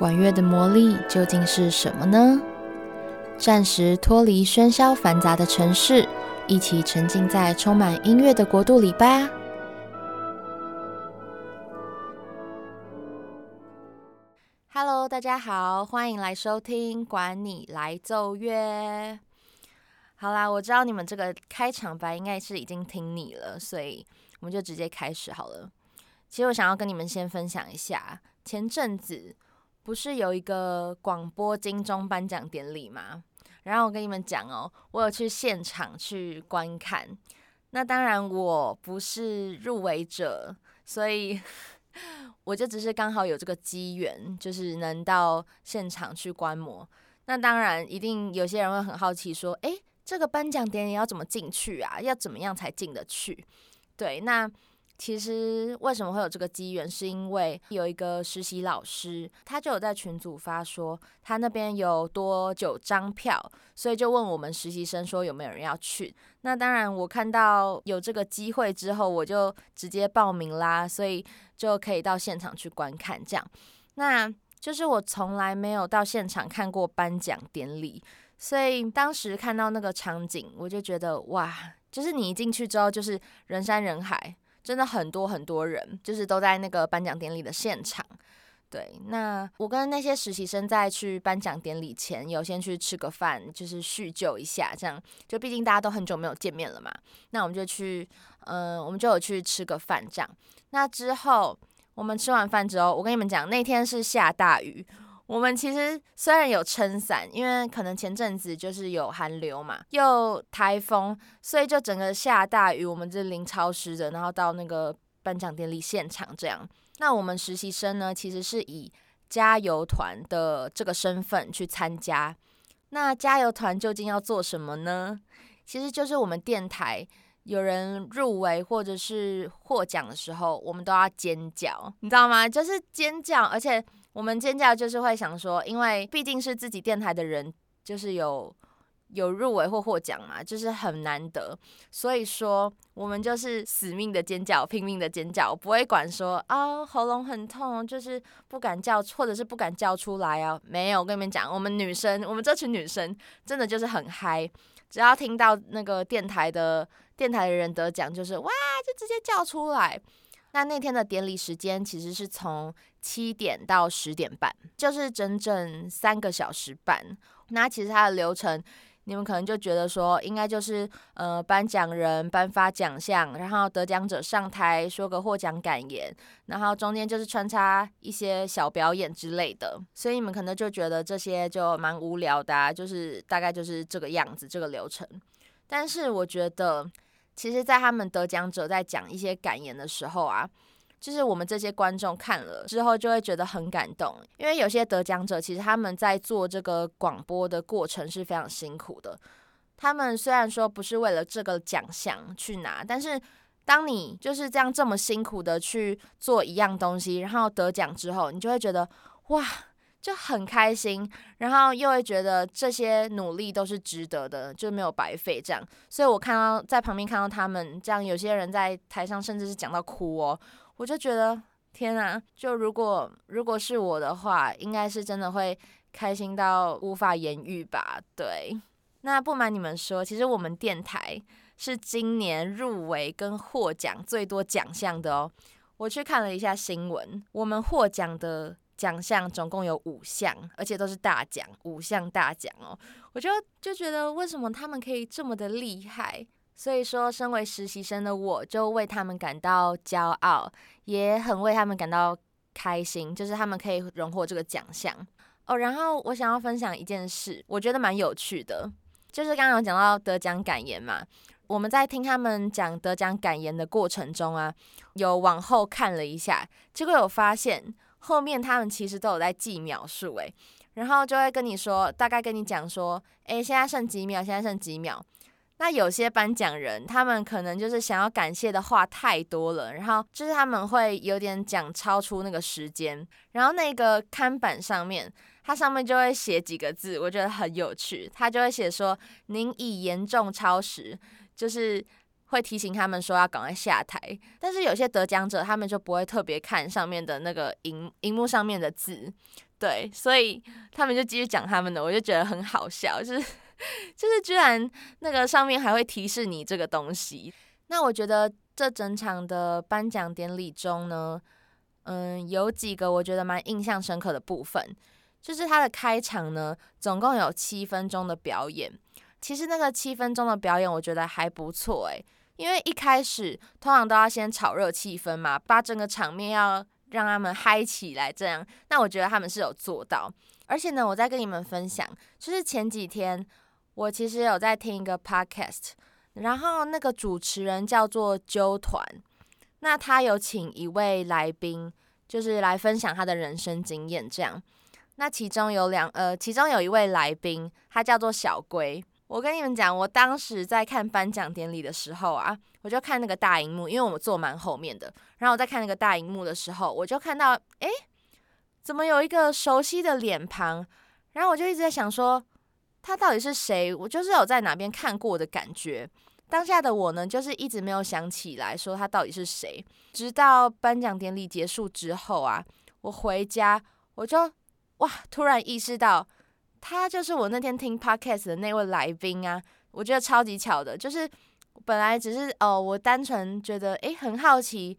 管樂的魔力究竟是什麼呢？暫時脫離喧囂繁雜的城市，一起沉浸在充滿音樂的國度裡吧。Hello，大家好，歡迎來收聽《管你來奏樂》。好啦，我知道你們這個開場白應該是已經聽膩了，所以我們就直接開始好了。其實我想要跟你們先分享一下前陣子。不是有一個廣播金鐘頒獎典禮嗎？然後我跟你們講哦，我有去現場去觀看。那當然我不是入圍者，所以我就只是剛好有這個機緣，就是能到現場去觀摩。那當然，一定有些人會很好奇，說：“誒，這個頒獎典禮要怎麼進去啊？要怎麼樣才進得去？”對，那。其實為什麼會有這個機緣，是因為有一個實習老師，他就有在群組發說他那邊有多九張票，所以就問我們實習生說有沒有人要去。那當然，我看到有這個機會之後，我就直接報名啦，所以就可以到現場去觀看。這樣，那就是我從來沒有到現場看過頒獎典禮，所以當時看到那個場景，我就覺得哇，就是你一進去之後，就是人山人海。真的很多很多人，就是都在那個頒獎典禮的現場。對，那我跟那些實習生在去頒獎典禮前，有先去吃個飯，就是敘舊一下，這樣，就畢竟大家都很久沒有見面了嘛。那我們就去，嗯、呃，我們就有去吃個飯這樣。那之後，我們吃完飯之後，我跟你們講，那天是下大雨。我們其實雖然有撐傘，因為可能前陣子就是有寒流嘛，又台風，所以就整個下大雨，我們這臨潮濕的。然後到那個頒獎典禮現場這樣，那我們實習生呢，其實是以加油團的這個身份去參加。那加油團究竟要做什麼呢？其實就是我們電台有人入圍或者是獲獎的時候，我們都要尖叫，你知道嗎？就是尖叫，而且。我們尖叫就是會想說，因為畢竟是自己電台的人，就是有有入圍或獲獎嘛，就是很難得，所以說我們就是死命的尖叫，拼命的尖叫，不會管說啊、哦、喉嚨很痛，就是不敢叫，或者是不敢叫出來啊。沒有，我跟你們講，我們女生，我們這群女生真的就是很嗨，只要聽到那個電台的電台的人得獎，就是哇，就直接叫出來。那那天的典禮時間其實是從七點到十點半，就是整整三個小時半。那其實它的流程，你們可能就覺得說，應該就是呃頒獎人頒發獎項，然後得獎者上台說個獲獎感言，然後中間就是穿插一些小表演之類的。所以你們可能就覺得這些就蠻無聊的啊，就是大概就是這個樣子這個流程。但是我覺得。其實，在他們得獎者在講一些感言的時候啊，就是我們這些觀眾看了之後，就會覺得很感動。因為有些得獎者，其實他們在做這個廣播的過程是非常辛苦的。他們雖然說不是為了這個獎項去拿，但是當你就是這樣這麼辛苦的去做一樣東西，然後得獎之後，你就會覺得哇。就很開心，然後又會覺得這些努力都是值得的，就沒有白費這樣。所以我看到在旁邊看到他們這樣，有些人在台上甚至是講到哭哦，我就覺得天啊，就如果如果是我的話，應該是真的會開心到無法言喻吧？對，那不瞞你們說，其實我們電台是今年入圍跟獲獎最多獎項的哦。我去看了一下新聞，我們獲獎的。獎項總共有五項，而且都是大獎，五項大獎哦！我就就覺得為什麼他們可以這麼的厲害，所以說身為實習生的我就為他們感到驕傲，也很為他們感到開心，就是他們可以榮獲這個獎項哦。然後我想要分享一件事，我覺得蠻有趣的，就是剛剛有講到得獎感言嘛，我們在聽他們講得獎感言的過程中啊，有往後看了一下，結果有發現。後面他們其實都有在記秒數誒，然後就會跟你說，大概跟你講說，誒、欸，現在剩幾秒，現在剩幾秒。那有些頒獎人，他們可能就是想要感謝的話太多了，然後就是他們會有點講超出那個時間，然後那個看板上面，它上面就會寫幾個字，我覺得很有趣，他就會寫說，您已嚴重超時，就是。會提醒他們說要趕快下台，但是有些得獎者他們就不會特別看上面的那個熒，熒幕上面的字，對，所以他們就繼續講他們的，我就覺得很好笑，就是就是居然那個上面還會提示你這個東西。那我覺得這整場的頒獎典禮中呢，嗯，有幾個我覺得蠻印象深刻的部分，就是它的開場呢，總共有七分鐘的表演，其實那個七分鐘的表演我覺得還不錯，欸，誒。因為一開始通常都要先炒熱氣氛嘛，把整個場面要讓他們嗨起來，這樣。那我覺得他們是有做到，而且呢，我再跟你們分享，就是前幾天我其實有在聽一個 podcast，然後那個主持人叫做揪團，那他有請一位來賓，就是來分享他的人生經驗，這樣。那其中有兩呃，其中有一位來賓，他叫做小龜。我跟你們講，我當時在看頒獎典禮的時候啊，我就看那個大螢幕，因為我們坐蠻後面的。然後我在看那個大螢幕的時候，我就看到，誒，怎麼有一個熟悉的臉龐？然後我就一直在想說，他到底是誰？我就是有在哪邊看過的感覺。當下的我呢，就是一直沒有想起來說他到底是誰。直到頒獎典禮結束之後啊，我回家，我就哇，突然意識到。他就是我那天聽 Podcast 的那位來賓啊，我覺得超級巧的，就是本來只是哦，我單純覺得誒，很好奇，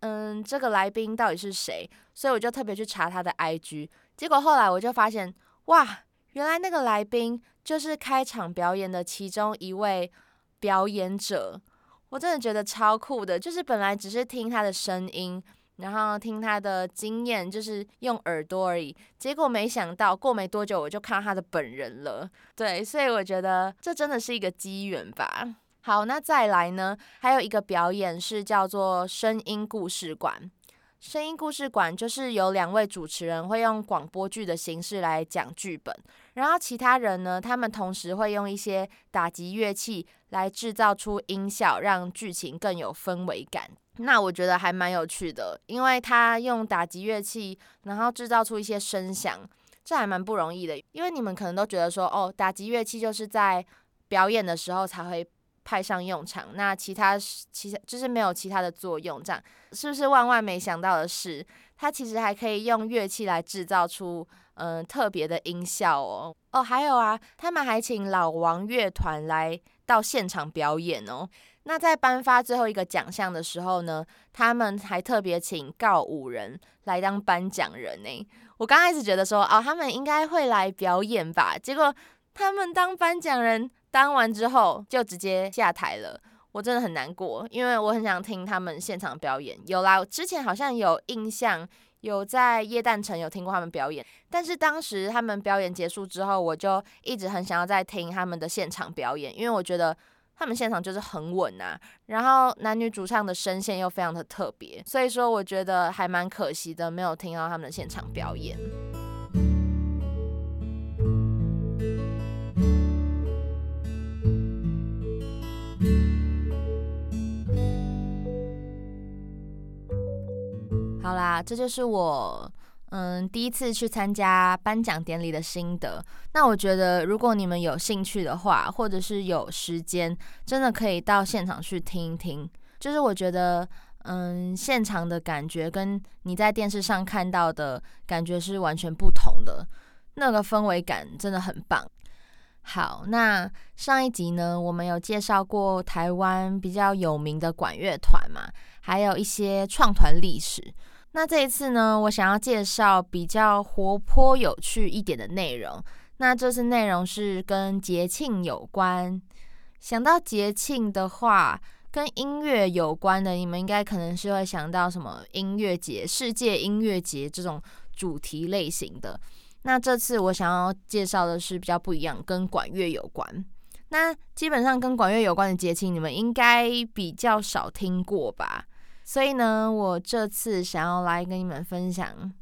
嗯，這個來賓到底是誰？所以我就特別去查他的 IG，結果後來我就發現，哇，原來那個來賓就是開場表演的其中一位表演者，我真的覺得超酷的，就是本來只是聽他的聲音。然後聽他的經驗就是用耳朵而已，結果沒想到過沒多久我就看到他的本人了。對，所以我覺得這真的是一個機緣吧。好，那再來呢？還有一個表演是叫做“聲音故事館”。聲音故事館就是有兩位主持人會用廣播劇的形式來講劇本，然後其他人呢，他們同時會用一些打擊樂器來製造出音效，讓劇情更有氛圍感。那我覺得還蠻有趣的，因為他用打擊樂器，然後制造出一些聲響，這還蠻不容易的。因為你們可能都覺得說，哦，打擊樂器就是在表演的時候才會派上用場，那其他其實就是沒有其他的作用，這樣是不是？萬萬沒想到的是，他其實還可以用樂器來制造出嗯、呃、特別的音效哦。哦，還有啊，他們還請老王樂團來。到現場表演哦，那在頒發最後一個獎項的時候呢，他們還特別請告五人來當頒獎人誒、欸，我剛開始覺得說，哦，他們應該會來表演吧，結果他們當頒獎人當完之後就直接下台了，我真的很難過，因為我很想聽他們現場表演。有啦，我之前好像有印象。有在耶誕城有聽過他們表演，但是當時他們表演結束之後，我就一直很想要再聽他們的現場表演，因為我覺得他們現場就是很穩啊，然後男女主唱的聲線又非常的特別，所以說我覺得還蠻可惜的，沒有聽到他們的現場表演。啊，這就是我嗯第一次去參加頒獎典禮的心得。那我覺得，如果你們有興趣的話，或者是有時間，真的可以到現場去聽一聽。就是我覺得，嗯，現場的感覺跟你在電視上看到的感覺是完全不同的，那個氛圍感真的很棒。好，那上一集呢，我們有介紹過台灣比較有名的管樂團嘛，還有一些創團歷史。那這一次呢，我想要介紹比較活潑有趣一點的內容。那這次內容是跟節慶有關。想到節慶的話，跟音樂有關的，你們應該可能是會想到什麼音樂節、世界音樂節這種主題類型的。那這次我想要介紹的是比較不一樣，跟管樂有關。那基本上跟管樂有關的節慶，你們應該比較少聽過吧？所以呢，我這次想要來跟你們分享，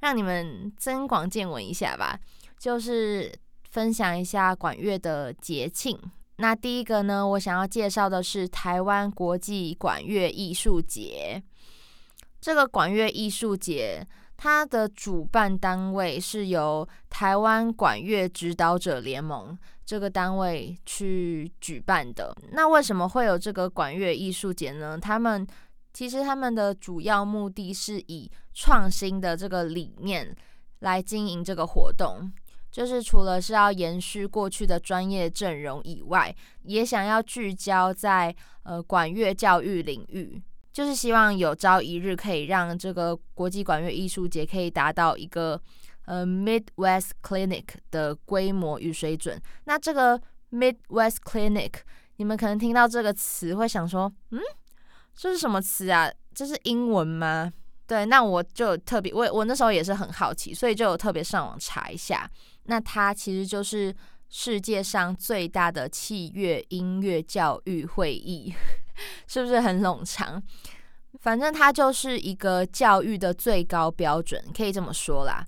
讓你們增廣見聞一下吧，就是分享一下管樂的節慶。那第一個呢，我想要介紹的是台灣國際管樂藝術節。這個管樂藝術節，它的主辦單位是由台灣管樂指導者聯盟這個單位去舉辦的。那為什麼會有這個管樂藝術節呢？他們其實他們的主要目的是以創新的這個理念來經營這個活動，就是除了是要延續過去的專業陣容以外，也想要聚焦在呃管樂教育領域，就是希望有朝一日可以讓這個國際管樂藝術節可以達到一個呃 Midwest Clinic 的規模與水準。那這個 Midwest Clinic，你們可能聽到這個詞會想說，嗯？這是什麼詞啊？這是英文嗎？對，那我就特別，我我那時候也是很好奇，所以就有特別上網查一下。那它其實就是世界上最大的器樂音樂教育會議，是不是很冗長？反正它就是一個教育的最高標準，可以這麼說啦。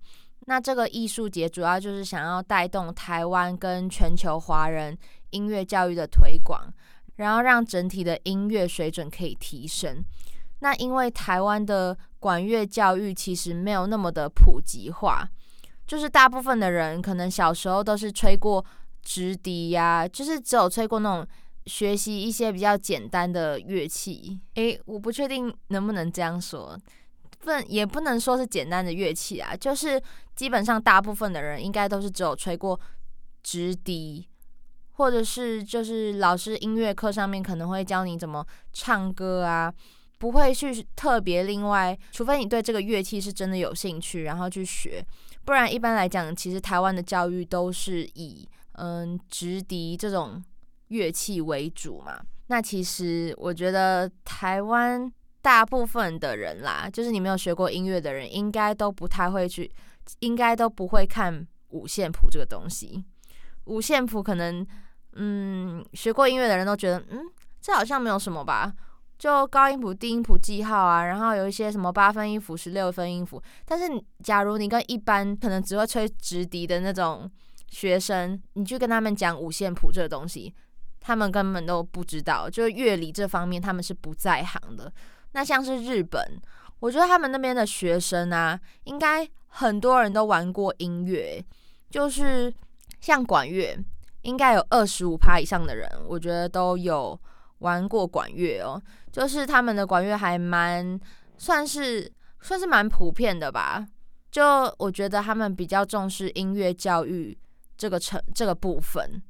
那這個藝術節主要就是想要帶動台灣跟全球華人音樂教育的推廣。然後讓整體的音樂水準可以提升。那因為台灣的管樂教育其實沒有那麼的普及化，就是大部分的人可能小時候都是吹過直笛呀、啊，就是只有吹過那種學習一些比較簡單的樂器。誒，我不確定能不能這樣說，不能也不能說是簡單的樂器啊，就是基本上大部分的人應該都是只有吹過直笛。或者是就是老師音樂課上面可能會教你怎麼唱歌啊，不會去特別另外，除非你對這個樂器是真的有興趣，然後去學，不然一般來講，其實台灣的教育都是以嗯直笛這種樂器為主嘛。那其實我覺得台灣大部分的人啦，就是你沒有學過音樂的人，應該都不太會去，應該都不會看五線譜這個東西。五線譜可能。嗯，學過音樂的人都覺得，嗯，這好像沒有什麼吧？就高音譜、低音譜記號啊，然後有一些什麼八分音符、十六分音符。但是，假如你跟一般可能只會吹直笛的那種學生，你去跟他們講五線譜這個東西，他們根本都不知道。就樂理這方面，他們是不在行的。那像是日本，我覺得他們那邊的學生啊，應該很多人都玩過音樂，就是像管樂。應該有二十五趴以上的人，我覺得都有玩過管樂哦，就是他們的管樂還蠻算是算是，蠻普遍的吧。就我覺得他們比較重視音樂教育這個成這個部分，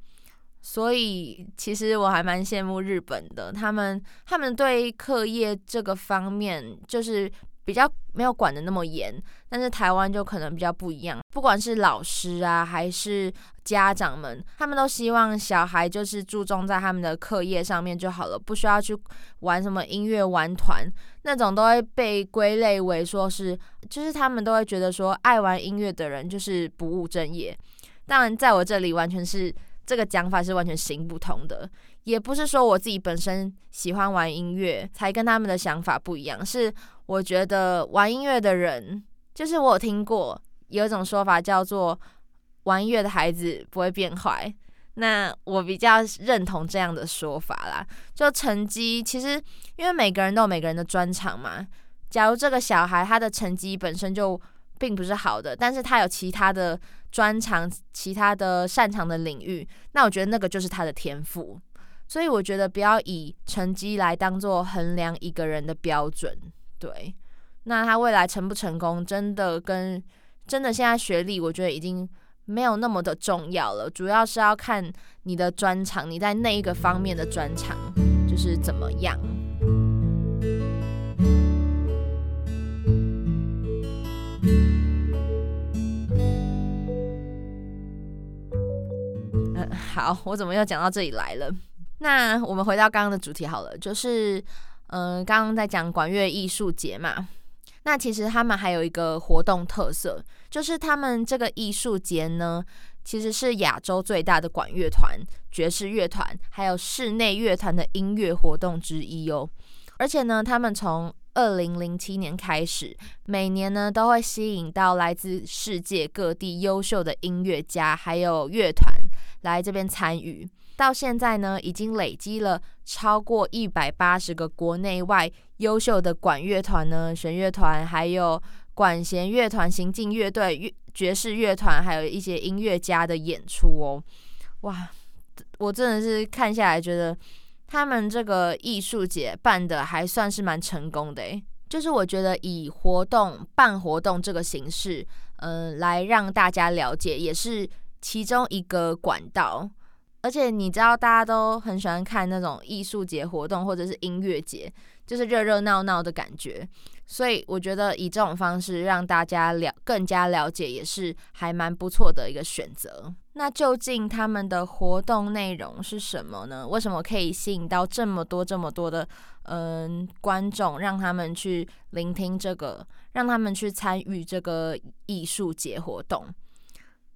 所以其實我還蠻羨慕日本的，他們他們對課業這個方面就是。比較沒有管得那麼嚴，但是台灣就可能比較不一樣。不管是老師啊，還是家長們，他們都希望小孩就是注重在他們的課業上面就好了，不需要去玩什麼音樂玩團那種，都會被歸類為說是，就是他們都會覺得說，愛玩音樂的人就是不務正業。當然，在我這裡完全是。這個講法是完全行不通的，也不是說我自己本身喜歡玩音樂才跟他們的想法不一樣，是我覺得玩音樂的人，就是我有聽過有一種說法叫做玩音樂的孩子不會變壞，那我比較認同這樣的說法啦。就成績，其實因為每個人都有每個人的專長嘛。假如這個小孩他的成績本身就並不是好的，但是他有其他的。專長，其他的擅長的領域，那我覺得那個就是他的天賦。所以我覺得不要以成績來當做衡量一個人的標準。對，那他未來成不成功，真的跟真的現在學歷，我覺得已經沒有那麼的重要了。主要是要看你的專長，你在那一個方面的專長就是怎麼樣。好，我怎麼又講到這裡來了？那我們回到剛剛的主題好了，就是嗯、呃，剛剛在講管樂藝術節嘛。那其實他們還有一個活動特色，就是他們這個藝術節呢，其實是亞洲最大的管樂團、爵士樂團還有室內樂團的音樂活動之一哦。而且呢，他們從二零零七年開始，每年呢都會吸引到來自世界各地優秀的音樂家還有樂團。來這邊參與，到現在呢，已經累積了超過一百八十個國內外優秀的管樂團呢、呢弦樂團，還有管弦樂團、行進樂隊樂、爵士樂團，還有一些音樂家的演出哦。哇，我真的是看下來覺得他們這個藝術節辦的還算是蠻成功的。就是我覺得以活動辦活動這個形式，嗯、呃，來讓大家了解，也是。其中一個管道，而且你知道大家都很喜歡看那種藝術節活動或者是音樂節，就是熱熱鬧鬧的感覺，所以我覺得以這種方式讓大家了更加了解，也是還蠻不錯的一個選擇。那究竟他們的活動內容是什麼呢？為什麼可以吸引到這麼多這麼多的嗯、呃、觀眾，讓他們去聆聽這個，讓他們去參與這個藝術節活動？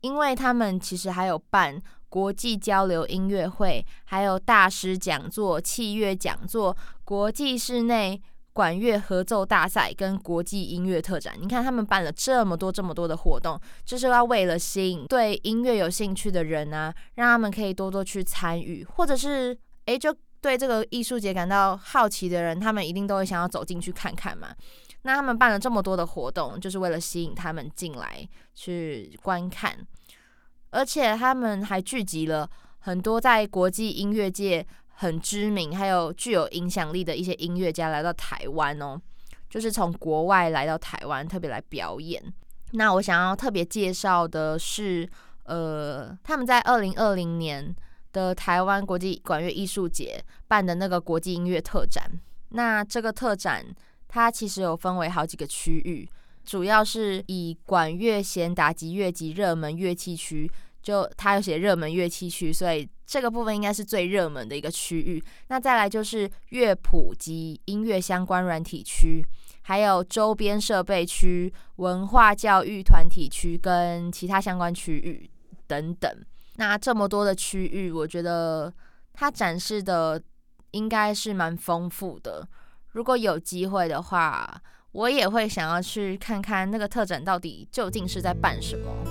因為他們其實還有辦國際交流音樂會，還有大師講座、器樂講座、國際室內管樂合奏大賽跟國際音樂特展。你看他們辦了這麼多這麼多的活動，就是要為了吸引對音樂有興趣的人啊，讓他們可以多多去參與，或者是誒，就對這個藝術節感到好奇的人，他們一定都會想要走進去看看嘛。那他們辦了這麼多的活動，就是為了吸引他們進來去觀看，而且他們還聚集了很多在國際音樂界很知名、還有具有影響力的一些音樂家來到台灣哦，就是從國外來到台灣特別來表演。那我想要特別介紹的是，呃，他們在二零二零年的台灣國際管樂藝術節辦的那個國際音樂特展。那這個特展。它其實有分為好幾個區域，主要是以管樂、弦打擊樂及熱門樂器區，就它有寫熱門樂器區，所以這個部分應該是最熱門的一個區域。那再來就是樂譜及音樂相關軟體區，還有周邊設備區、文化教育團體區跟其他相關區域等等。那這麼多的區域，我覺得它展示的應該是蠻豐富的。如果有機會的話，我也會想要去看看那個特展到底究竟是在辦什麼。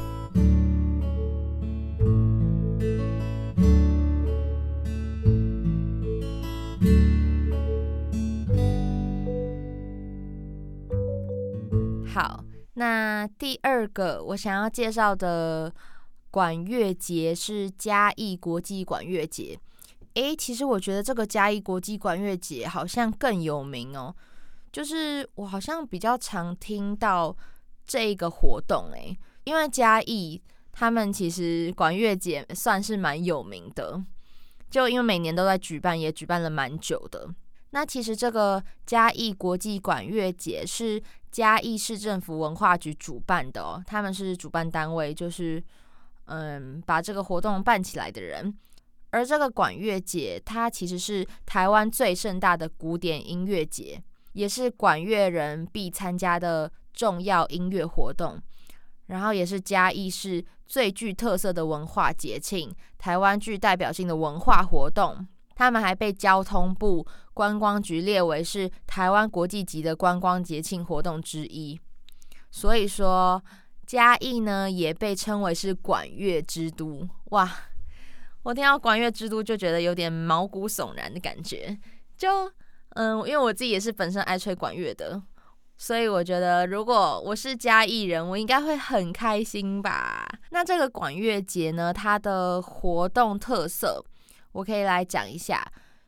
好，那第二個我想要介紹的管樂節是嘉義國際管樂節。誒、欸，其實我覺得這個嘉義國際管樂節好像更有名哦、喔，就是我好像比較常聽到這一個活動誒、欸，因為嘉義他們其實管樂節算是蠻有名的，就因為每年都在舉辦，也舉辦了蠻久的。那其實這個嘉義國際管樂節是嘉義市政府文化局主辦的哦、喔，他們是主辦單位，就是嗯，把這個活動辦起來的人。而這個管樂節，它其實是台灣最盛大的古典音樂節，也是管樂人必參加的重要音樂活動，然後也是嘉義市最具特色的文化節慶，台灣具代表性的文化活動。他們還被交通部觀光局列為是台灣國際級的觀光節慶活動之一，所以說嘉義呢，也被稱為是管樂之都。哇！我聽到管樂之都就覺得有點毛骨悚然的感覺就、就嗯，因為我自己也是本身愛吹管樂的，所以我覺得如果我是嘉義人，我應該會很開心吧。那這個管樂節呢，它的活動特色我可以來講一下，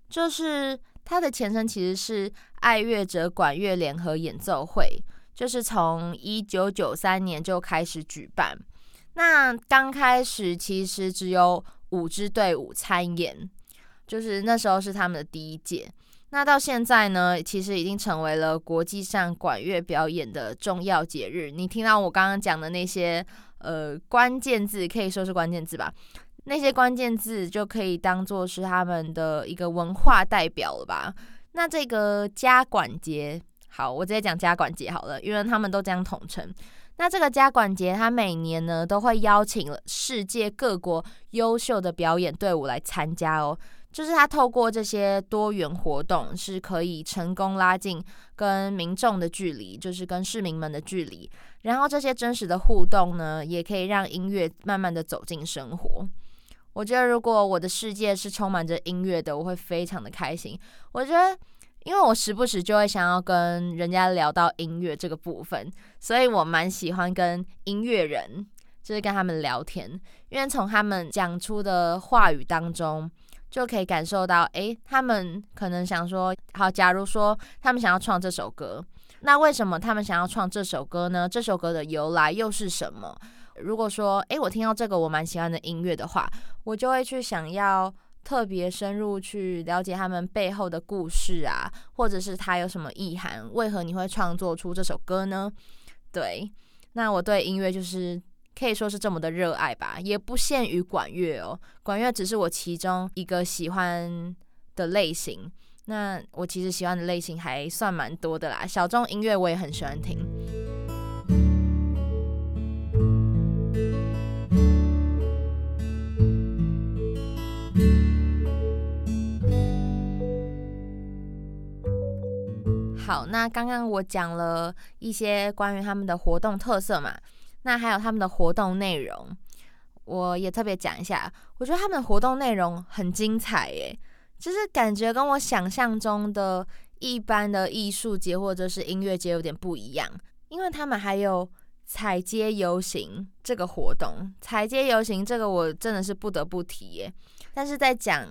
就是它的前身其實是愛樂者管樂聯合演奏會，就是從一九九三年就開始舉辦。那剛開始其實只有五支隊伍參演，就是那時候是他們的第一屆。那到現在呢，其實已經成為了國際上管樂表演的重要節日。你聽到我剛剛講的那些呃關鍵字，可以說是關鍵字吧？那些關鍵字就可以當做是他們的一個文化代表了吧？那這個嘉管節，好，我直接講嘉管節好了，因為他們都這樣統稱。那這個嘉管節，他每年呢都會邀請世界各國優秀的表演隊伍來參加哦。就是他透過這些多元活動，是可以成功拉近跟民眾的距離，就是跟市民們的距離。然後這些真實的互動呢，也可以讓音樂慢慢的走進生活。我覺得，如果我的世界是充滿着音樂的，我會非常的開心。我覺得。因為我時不時就會想要跟人家聊到音樂這個部分，所以我蠻喜歡跟音樂人，就是跟他們聊天，因為從他們講出的話語當中，就可以感受到，哎，他們可能想說，好，假如說他們想要創這首歌，那為什麼他們想要創這首歌呢？這首歌的由來又是什麼？如果說，哎，我聽到這個我蠻喜歡的音樂的話，我就會去想要。特別深入去了解他們背後的故事啊，或者是他有什麼意涵？為何你會創作出這首歌呢？對，那我對音樂就是可以說是這麼的熱愛吧，也不限於管樂哦，管樂只是我其中一個喜歡的類型。那我其實喜歡的類型還算蠻多的啦，小眾音樂我也很喜歡聽。那剛剛我講了一些關於他們的活動特色嘛，那還有他們的活動內容，我也特別講一下。我覺得他們的活動內容很精彩耶，就是感覺跟我想象中的一般的藝術節或者是音樂節有點不一樣，因為他們還有踩街遊行這個活動。踩街遊行這個我真的是不得不提耶，但是在講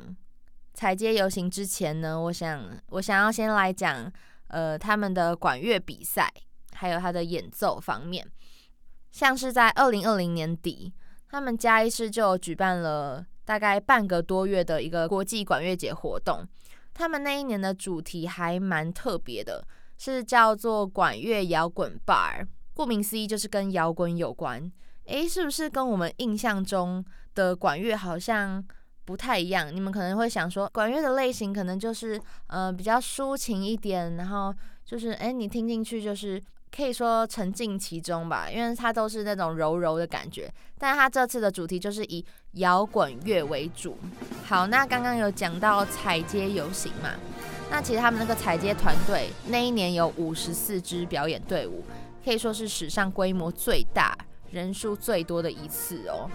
踩街遊行之前呢，我想我想要先來講。呃，他們的管樂比賽，還有他的演奏方面，像是在二零二零年底，他們嘉義市就舉辦了大概半個多月的一個國際管樂節活動。他們那一年的主題還蠻特別的，是叫做“管樂搖滾 Bar”，顧名思義，就是跟搖滾有關。哎，是不是跟我們印象中的管樂好像，不太一樣，你們可能會想說，管樂的類型可能就是，嗯、呃，比較抒情一點，然後就是，哎、欸，你聽進去就是可以說沉浸其中吧，因為它都是那種柔柔的感覺。但是它這次的主題就是以搖滾樂為主。好，那剛剛有講到踩街遊行嘛，那其實他們那個踩街團隊那一年有五十四支表演隊伍，可以說是史上規模最大、人數最多的一次哦。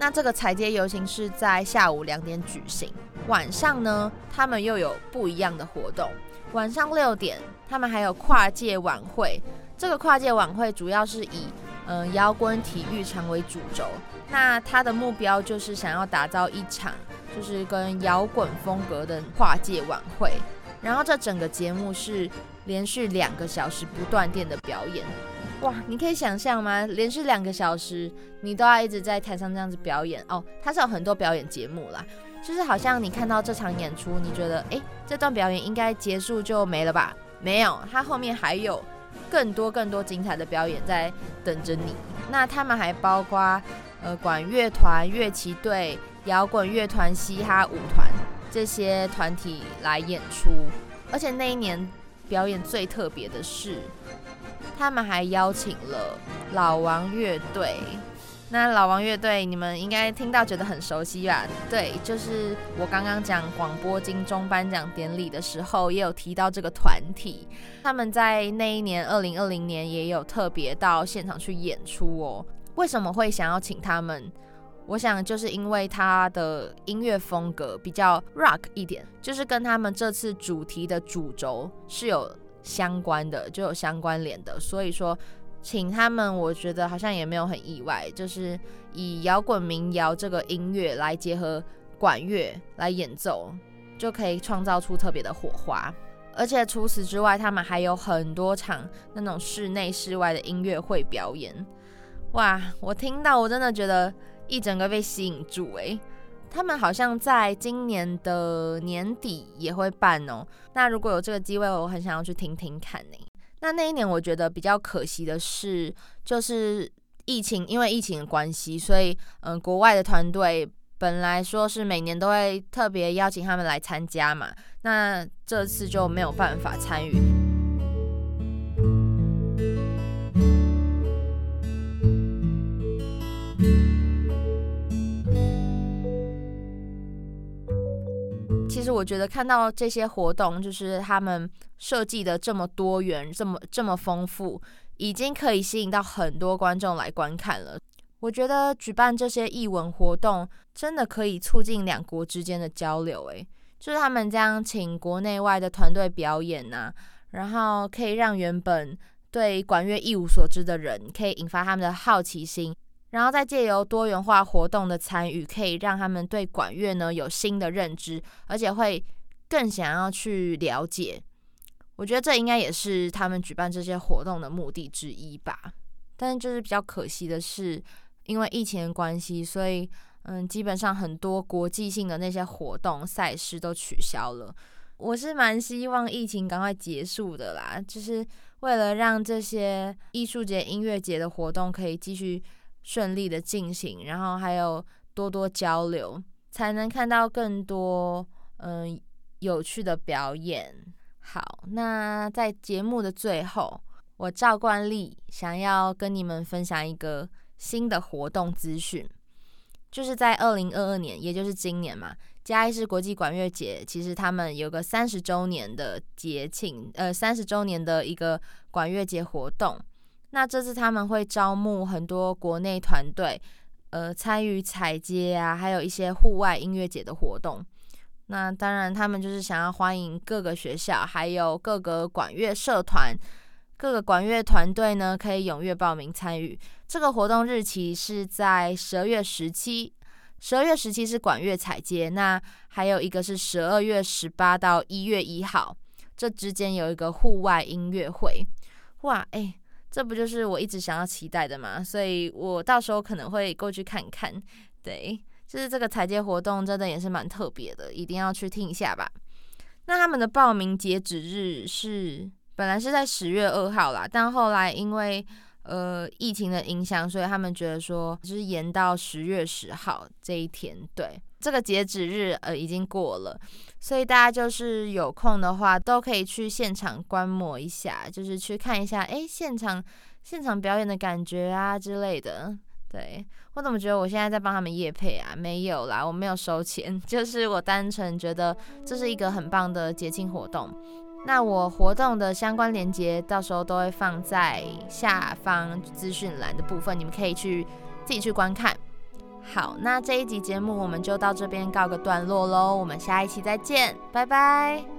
那這個踩街遊行是在下午兩點舉行，晚上呢，他們又有不一樣的活動。晚上六點，他們還有跨界晚會。這個跨界晚會主要是以嗯搖滾體育場為主軸，那他的目標就是想要打造一場就是跟搖滾風格的跨界晚會。然後這整個節目是連續兩個小時不斷電的表演。哇，你可以想象嗎？連續兩個小時，你都要一直在台上這樣子表演哦。它是有很多表演節目啦，就是好像你看到這場演出，你覺得哎、欸，這段表演應該結束就沒了吧？沒有，它後面還有更多更多精彩的表演在等着你。那他們還包括呃管樂團、樂旗隊、搖滾樂團、嘻哈舞團這些團體來演出，而且那一年表演最特別的是。他們還邀請了老王樂隊，那老王樂隊你們應該聽到覺得很熟悉吧？對，就是我剛剛講廣播金鐘頒獎典禮的時候也有提到這個團體，他們在那一年二零二零年也有特別到現場去演出哦。為什麼會想要請他們？我想就是因為他的音樂風格比較 rock 一點，就是跟他們這次主題的主軸是有。相關的，就有相關聯的，所以說請他們，我覺得好像也沒有很意外。就是以搖滾民謠這個音樂來結合管樂來演奏，就可以創造出特別的火花。而且除此之外，他們還有很多場那種室內、室外的音樂會表演。哇，我聽到我真的覺得一整個被吸引住哎、欸。他們好像在今年的年底也會辦哦。那如果有這個機會，我很想要去聽聽看呢。那那一年我覺得比較可惜的是，就是疫情，因為疫情的關係，所以嗯、呃，國外的團隊本來說是每年都會特別邀請他們來參加嘛，那這次就沒有辦法參與。其實我覺得看到這些活動，就是他們設計的這麼多元，這麼這麼豐富，已經可以吸引到很多觀眾來觀看了。我覺得舉辦這些藝文活動，真的可以促進兩國之間的交流。誒，就是他們將請國內外的團隊表演吶，啊，然後可以讓原本對管樂一無所知的人，可以引發他們的好奇心。然後再借由多元化活動的參與，可以讓他們對管樂呢有新的認知，而且會更想要去了解。我覺得這應該也是他們舉辦這些活動的目的之一吧。但是就是比較可惜的是，因為疫情的關係，所以嗯，基本上很多國際性的那些活動賽事都取消了。我是蠻希望疫情趕快結束的啦，就是為了讓這些藝術節、音樂節的活動可以繼續順利的進行，然後還有多多交流，才能看到更多嗯、呃、有趣的表演。好，那在節目的最後，我照慣例想要跟你們分享一個新的活動資訊，就是在二零二二年，也就是今年嘛，嘉義市國際管樂節，其實他們有個三十周年的節慶，呃，三十周年的一個管樂節活動。那這次他們會招募很多國內團隊，呃，參與踩街啊，還有一些戶外音樂節的活動。那當然，他們就是想要歡迎各個學校，還有各個管樂社團、各個管樂團隊呢，可以踊躍報名參與。這個活動日期是在十二月十七，十二月十七是管樂踩街，那還有一個是十二月十八到一月一號，這之間有一個戶外音樂會。哇，哎。這不就是我一直想要期待的嘛，所以我到時候可能會過去看看。對，就是這個踩街活動真的也是蠻特別的，一定要去聽一下吧。那他們的報名截止日是本來是在十月二號啦，但後來因為呃疫情的影響，所以他們覺得說就是延到十月十號這一天。對。這個截止日，呃已經過了，所以大家就是有空的話，都可以去現場觀摩一下，就是去看一下哎，現場現場表演的感覺啊之類的。對，我怎麼覺得我現在在幫他們業配啊？沒有啦，我沒有收錢，就是我單純覺得這是一個很棒的節慶活動。那我活動的相關鏈接到時候都會放在下方資訊欄的部分，你們可以去自己去觀看。好，那這一集節目我們就到這邊告個段落嘍，我們下一期再見，拜拜。